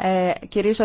και ε, κύριοι.